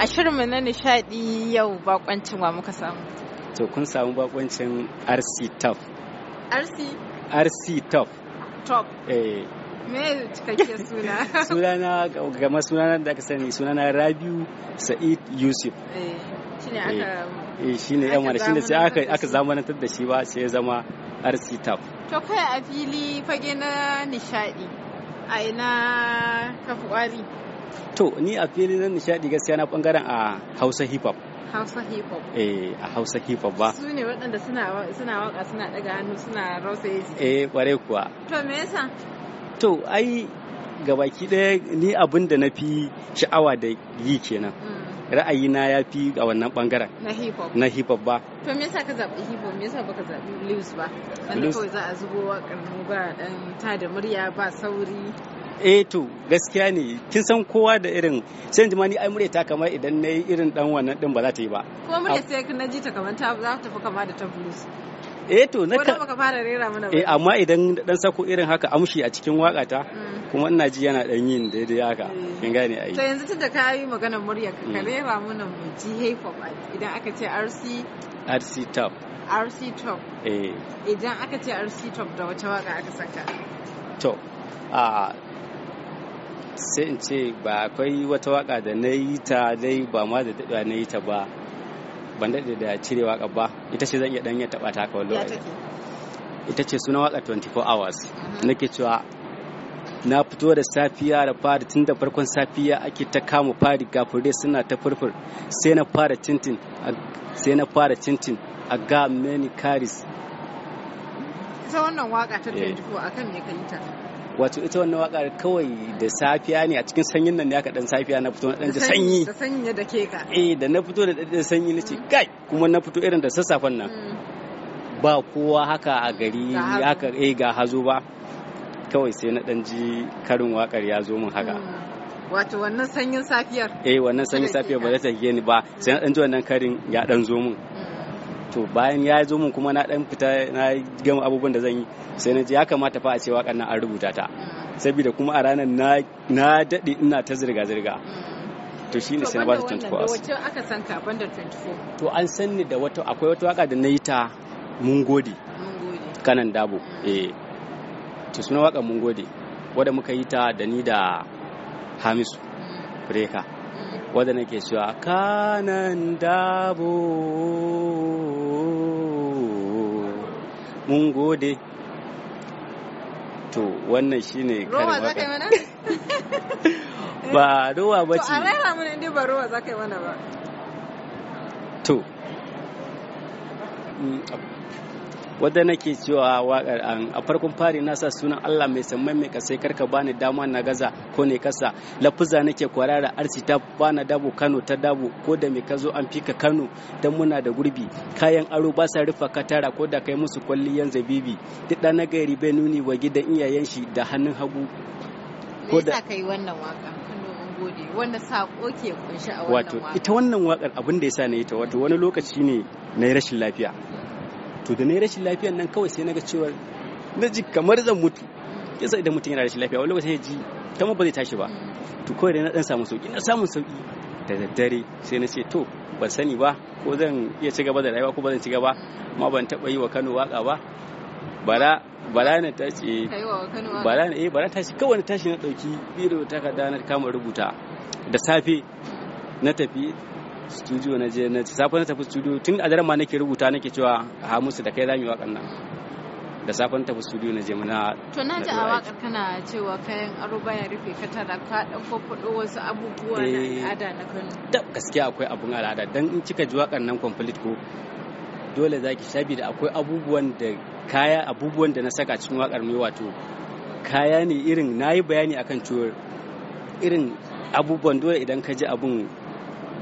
A shirinmu na nishadi yau bakoncin wa muka samu. To kun samu bakoncin RC Top. RC? RC Top. Top. Eh. Me cikakke suna? sunana Gama sunana da aka sani sunana Rabiu Sa'id Yusuf. Eh. Shine eh. aka eh shine yan wani shine sai aka aka zamanantar da shi ba sai ya zama RC Top. To kai a fili fage na nishadi. A ina kafuwari. To ni a fili na nishadi gaskiya na bangaren a Hausa hip hop. Hausa hip hop. Eh a Hausa hip hop ba. Su ne waɗanda suna suna waka suna daga hannu suna rose. Eh kware kuwa. To me yasa? To ai gabaki ɗaya ni abin da na fi sha'awa da yi kenan. Mm. ra'ayi na ya fi a wannan bangaren na hip hop na hip hop ba to me yasa ka zabi hip hop me yasa baka zabi blues ba wanda kawai za a zubo waƙar mu ba dan ta da murya ba sauri eh to gaskiya ne kin san kowa da irin sai ji ni ai mure ta kamar idan na yi irin dan wannan din ba za ta yi ba ko mure sai na ji ta kamar ta za ta fi kama da ta blues eh to na ka baka fara rera mana ba eh amma idan dan sako irin haka amshi a cikin waka ta mm. kuma ina ji yana dan yin daidai haka mm. kin gane ai to yanzu tunda ka yi magana murya ka mm. rera mana mu ji hip hop idan aka ce RC RC top RC top eh idan aka ce RC top da wace waka aka saka to a ah, sai in ce ba akwai wata waka da na yi ta dai ba ma da daɗa na yi ta ba ban daɗe da cire waka ba ita ce zan iya ɗan taɓa ta haka wani ita ce suna waka 24 hours mm-hmm. nake cewa na fito da safiya da fari tun da farkon safiya ake ta kama fari gafure suna ta furfur sai na fara tintin sai na fara tintin a ga many caris ita wannan waka ta 24 eh. akan me ka yi ta wato ita wannan wakar kawai da safiya ne a cikin sanyin nan ne aka dan safiya na fito na dan ji sanyi da sanyi da ke ka eh da na fito da dan sanyi nace kai kuma na fito irin da sassafen nan mm. ba kowa haka a gari haka eh ga hazo ba kawai sai na dan ji karin wakar ya zo min haka mm. wato wannan sanyin safiyar eh wannan sanyin safiyar ba za ta ni ba sai na dan ji wannan karin ya dan zo min mm. to bayan ya zo mun kuma na dan fita na gama abubuwan da zan yi sai na ji ya kamata fa a ce waƙar nan an rubuta ta saboda kuma a ranar na daɗe ina ta zirga-zirga to shi ne sai na ba ta 24 hours wacce aka san ka banda 24 to an san ni da wata akwai wata waka da na yi ta mun gode kanan dabo eh to suna waka mun gode wadda muka yi ta da ni da hamisu breka wadda nake cewa kanan dabo mun gode to wannan shine karin waka ba ruwa ba ce to a raira mun inda ba ruwa za ka yi mana ba to wadda nake cewa waƙar a farkon fari na sa sunan Allah mai samman mai kasai karka bani dama na gaza ko ne kasa lafuza nake kwarara arsi ta bana dabo Kano ta dabo ko da me kazo an fika Kano dan muna da gurbi kayan aro ba sa rufa katara ko da kai musu kwalliyan zabibi duk na gari bai nuni wa gidan iyayen shi da hannun hagu ko da kai wannan waka gode wanda sako ke kunshi a wannan wato ita wannan wakar abin da yasa na yi ta wato wani lokaci ne na rashin lafiya to da na yi rashin lafiyan nan kawai sai na ga cewa na ji kamar zan mutu yasa idan mutum yana rashin lafiya wani lokacin ya ji ta ba zai tashi ba to kawai dai na dan samu sauki na samu sauki da daddare sai na ce to ban sani ba ko zan iya ci gaba da rayuwa ko ba zan ci gaba amma ban taba yi wa Kano waka ba bara bara na tashi bara na eh bara tashi kawai na tashi na dauki biro kada na kama rubuta da safe na tafi studio na je na safe na tafi studio tun a daren ma nake rubuta nake cewa a musu da kai zamu yi wakan nan da na tafi studio na je muna to na ji a wakar kana cewa kayan aro baya rufe ka tara ka dauko fudo wasu abubuwa na eh, al'ada na Kano da gaskiya akwai abun al'ada dan in kika ji wakan nan complete ko dole zaki shabi da akwai abubuwan da kaya abubuwan da na saka cikin wakar mai wato kaya ne irin nayi bayani akan cewa irin abubuwan dole idan ka ji abun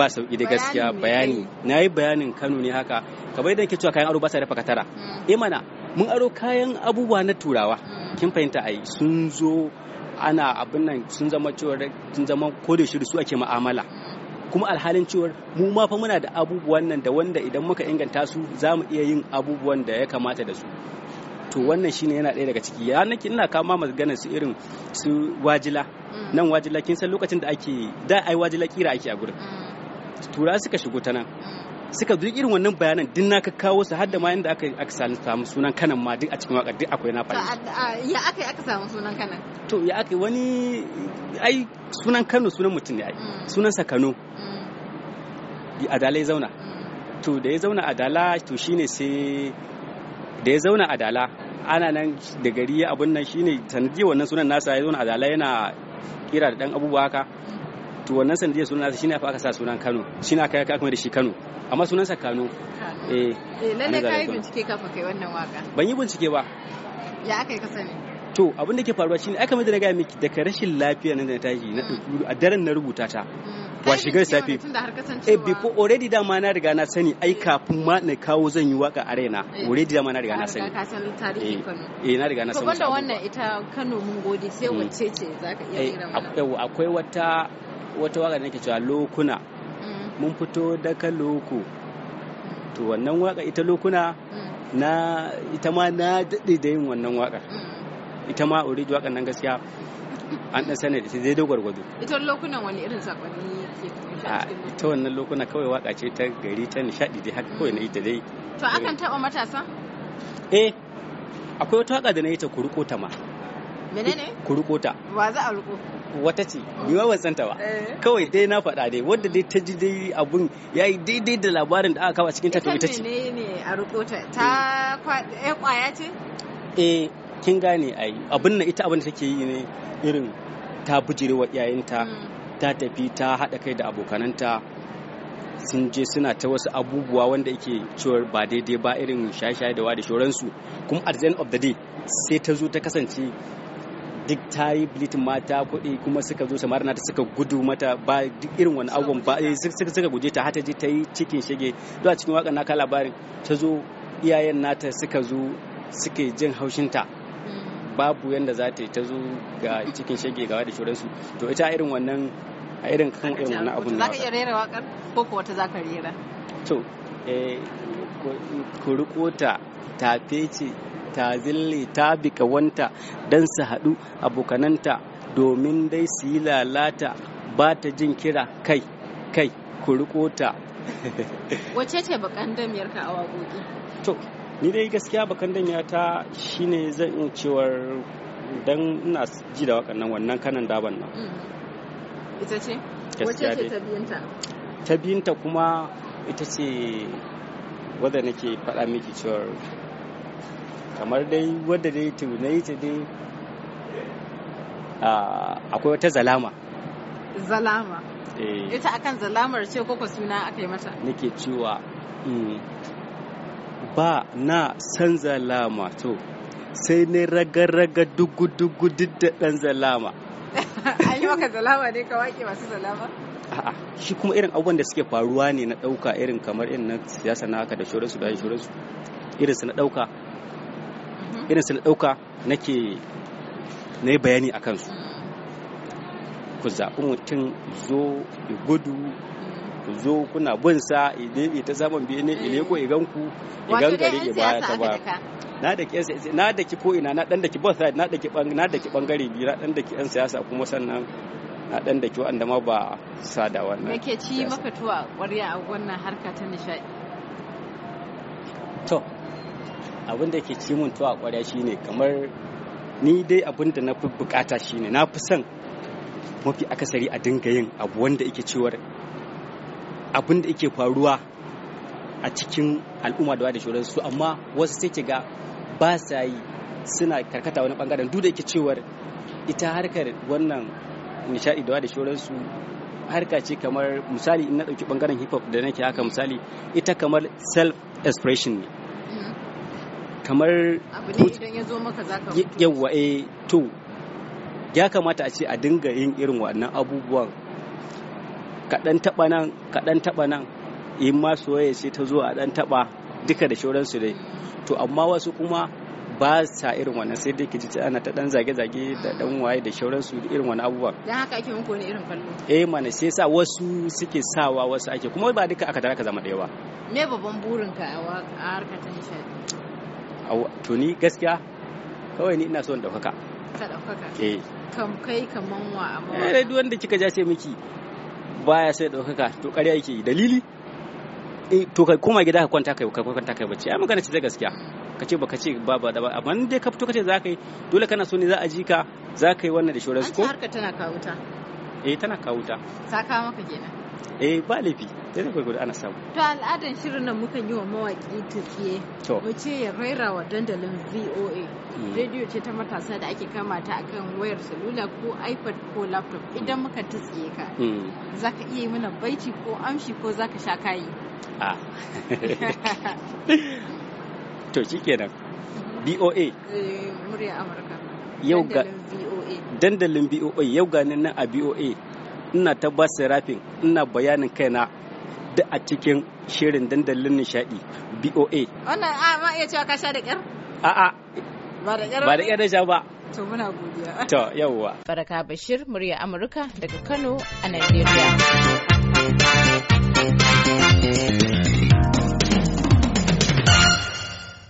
ba sauki da gaskiya bayani na yi bayanin kano ne haka kamar yadda ke cewa kayan aro ba sa dafa katara imana hmm. eh mun aro kayan abubuwa na turawa hmm. kin fahimta ai sun zo ana abin nan sun zama cewar sun zama ko da su ake mu'amala hmm. kuma alhalin cewar mu ma fa muna da abubuwan nan da wanda idan muka inganta su za mu iya yin abubuwan da ya kamata da su to wannan shine yana ɗaya daga ciki ya nake ina kama maganar su irin su wajila nan wajila kin san lokacin da ake da ai wajila kira ake a gurin tura suka shigo ta nan suka duk irin wannan bayanan din na ka kawo su hadda ma inda aka aka samu sunan kanan ma duk a cikin wakar duk akwai na fara. ya aka aka samu sunan kanan to ya aka wani ai sunan Kano sunan mutum ne ai mm. sunan sa Kano mm. adalai zauna mm. to da ya zauna adala to shine sai da ya zauna adala ana nan da gari abun nan shine sanadiyar wannan sunan nasa ya zauna adala yana kira da dan abubuwa haka to wannan sanadiyar sunan nasa shine aka sa sunan Kano shine aka aka kuma da shi Kano amma sunan sa Kano eh eh lalle kai bincike ka kai wannan waka ban yi bincike ba ya aka yi sani to abin da ke faruwa shine aka mai da ga miki daga rashin lafiya nan da tashi na dukuru mm. a daren na rubuta ta wa shigar safi eh before already da ma na riga na sani ai eh. kafin ma na kawo zan yi waka a raina eh. already da ma na riga na sani ka san eh. Kano eh na riga na sani to banda wannan ita Kano mun gode sai mm. wacce ce zaka iya kira akwai wata wata waka da nake cewa lokuna mm. mun fito daga loko to wannan waka ita lokuna mm. na ita ma na daɗe da yin wannan waka mm. ita ma orijo wakan nan gaskiya an ɗan sanar ita daidai gwargwado ita lokunan wani irin sakonni ke a ita wannan lokuna kawai waka ce ta gari ta nishaɗi dai haka kawai na ita dai to akan taɓa matasa eh akwai wata waka da na yi ta kurkota ma menene kurukota wa za a ruko wata ce ni ma ban santa ba eh. kawai dai na faɗa dai wadda dai ta ji dai abun ya yi daidai da labarin da aka kawo a cikin ta to ita ce ne a rubuta ta eh, kwaya ce eh kin gane ai abin na, ita abin da take yi ne irin ta bujirewa iyayenta mm. ta tafi ta haɗa kai da abokananta sun je suna ta wasu abubuwa wanda yake cewar ba daidai ba irin shaye-shaye da wa da shoransu kuma at the end of the day sai ta zo ta kasance duk ta yi bilitin mata kuɗi kuma suka zo samar nata suka gudu mata ba duk irin wani agon ba eh, suka guje ta hata je ta yi cikin shige zuwa cikin wakan naka labarin ta zo iyayen nata suka zo suke jin haushinta mm. babu yadda za ta yi ta zo ga cikin shige gawa da shoransu to ita irin wannan a irin kan irin wannan abun za ka iya rera wakar ko kuwa ta za ka rera to eh, ku riko tafe ce ta zille ta bi kawanta don su haɗu abokananta domin dai su yi lalata ba ta jin kira kai kai ku riko ta wace ce bakan damiyarka a wagogi to ni dai gaskiya bakan damiyata shine zan iya cewar don ina ji da wakannan wannan kanan daban nan mm. ita ce wace ce ta biyunta ta biyunta kuma ita ce wadda nake faɗa miki cewar kamar dai wadda dai tunai ta dai akwai wata zalama zalama eh. ita akan zalamar ce koko suna aka yi mata nake cewa mm, ba na san zalama to sai ne raga-raga dugu-dugu duk da zalama an yi maka zalama ne ka wake masu zalama a'a shi kuma irin abubuwan da suke faruwa ne na ɗauka irin kamar irin na siyasa na haka da shoransu da shoransu irin su na ɗauka irin su na ɗauka nake na yi bayani a kansu ku zaɓi mutum zo ya gudu ku zo kuna bin sa ya ta biyu ne ile ko igan ku igan gari ya baya ta ba na da siyasa na da ki ko ina na dan da ki both side na da ki na da ki bangare biyu na dan da ki yan siyasa kuma sannan na dan da ki wanda ma ba sada wannan me ke ci maka tuwa ƙwarya a wannan harka ta nishaɗi to abin da ke ci mun tuwa kwarya shine kamar ni dai abin da na fi bukata shine na fi son mafi akasari a dinga yin abu wanda yake cewar abin da yake faruwa a cikin al'umma da da shoran su amma wasu sai ki ga ba sa yi suna karkata wani bangaren duk da yake cewar ita harkar wannan nishadi da da shoran su harka ce kamar misali in na dauki bangaren hip hop da nake haka misali ita kamar self expression ne kamar yawwa eh to ya kamata a ce a dinga yin irin waɗannan abubuwan kaɗan taɓa nan kaɗan taɓa nan in ma soyayya sai ta zo a ɗan taɓa duka da shauransu dai to amma wasu kuma ba sa irin wannan sai dai kici ana ta dan zage-zage da dan waye da shauransu irin wani abubuwa dan haka ake muku wani irin kallo eh mana sai sa wasu suke sawa wasu ake kuma ba duka aka tara ka zama da yawa? me babban burin ka a harkar ta nishadi to ni gaskiya kawai ni ina son ɗaukaka ka ɗaukaka eh kam kai kaman wa amma eh duk wanda kika ja ce miki baya sai ɗaukaka to ƙarya yake yi dalili eh, to kai koma gida ka kwanta kai ka kwanta kai bacci ai magana ce ta gaskiya ka ce baka ce ba ba amma dai ka fito ka ce za ka yi dole kana so ne za a ji ka za ka yi wannan da su ko harka tana kawuta eh tana kawuta ta kawo maka kenan eh ba laifi sai da gwargwado ana samu to al'adan shirin nan mukan yi wa mawaki tafiye ce ya raira wa dandalin VOA eh. radio ce ta matasa da ake kama ta akan wayar salula ko iPad ko laptop hmm. idan muka tatsiye ka hmm. za ka iya yi mana baici ko amshi ko za ka sha kayi a to shikenan VOA eh, murya Amurka yau ga dandalin VOA yau ganin nan a VOA ina ta ba serafin ina bayanin kaina da a cikin shirin dandalin nishadi boa wannan a ma iya cewa kasha da kyar a ba da kyar da sha ba to muna godiya to yawwa baraka bashir murya amurka daga kano a nigeria